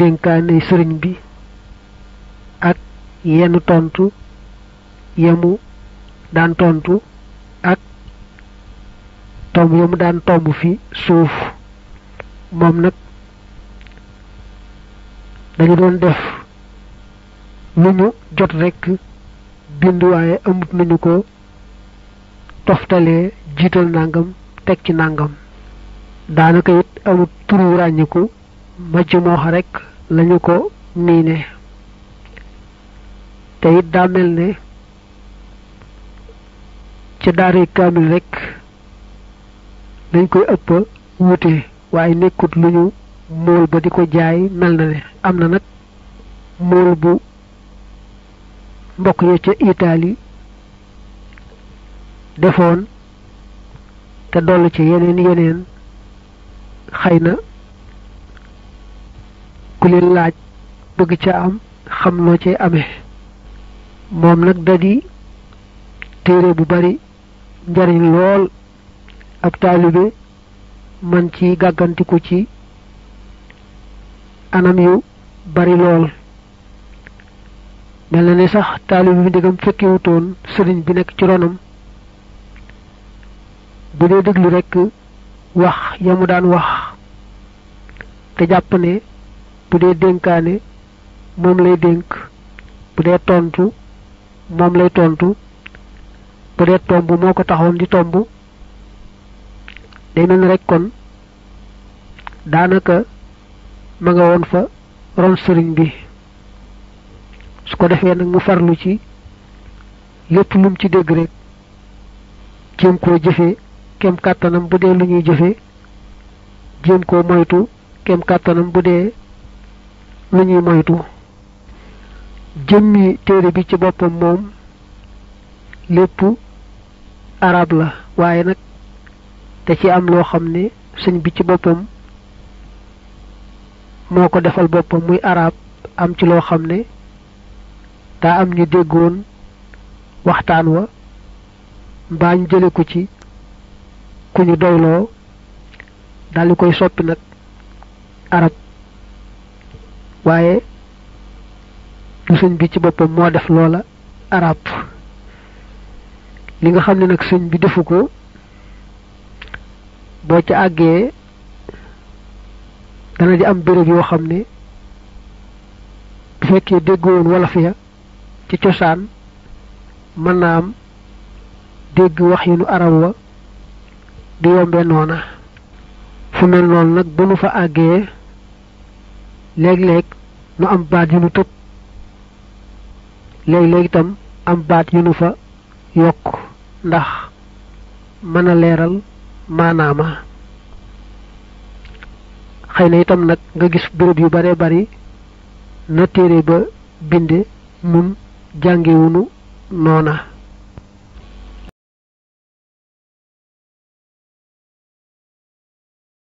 dénkaane sëriñ bi ak yenn tontu yemu daan tontu ak tomb yemu daan tomb fi suuf moom nag dañu doon def lu ñu jot rekk bind waaye amut nañu ko toftalee jiital nangam tekki ci nangam daanaka it amut turu ràññiku majjunooxa rekk lañu ko miine te it daa mel ne ca daaray kaamil rek lañ koy ëpp wuute waaye nekkut lu ñu mool ba di ko jaay mel na ne am na nag mool bu mbokk ya ca Italie defoon te dollu ci yeneen yeneen xëy na ku leen laaj bëgg ca am xam noo ci amee moom nag dadi téere bu bari njariñ lool ab taalibe man ci gàggantiku ci anam yu bari lool mel na ne sax taalibe bu ndegam fekkiwutoon sëriñ bi nekk ci ronam bu dee déglu rekk wax ya daan wax te jàpp ne bu dee dénkaane moom lay dénk bu tontu moom lay tontu bu dee tomb moo ko taxoon di tomb day mel rek kon daanaka ma nga woon fa ron sëriñ bi su ko defee nag mu farlu ci lépp lum ci dégg rek jëm koo kem kàttanam bu dee lu ñuy jëfee jëm koo moytu kem kàttanam bu lu ñuy moytu jëmmi téere bi ci boppam moom lépp arab la waaye nag da ci am loo xam ne sëñ bi ci boppam moo ko defal boppam muy arab am ci loo xam ne daa am ñu déggoon waxtaan wa mbaa ñu jële ko ci ku ñu doyloo daldi koy soppi nag arab waaye du sëñ bi ci boppam moo def loola arab li nga xam ne nag sëñ bi defu ko boo ca àggee dana di am béréb yoo xam ne bu fekkee déggoon wolof ya ci cosaan mën naa am dégg wax yi arab wa du yombee noona fu mel noon nag ba nu fa àggee léeg-léeg nu am baat yu nu tëb léeg am baat yu fa yokk ndax mën a leeral maanaama xëy na itam nag nga gis béréb yu bare bari na téere ba binde nun jàngewunu noona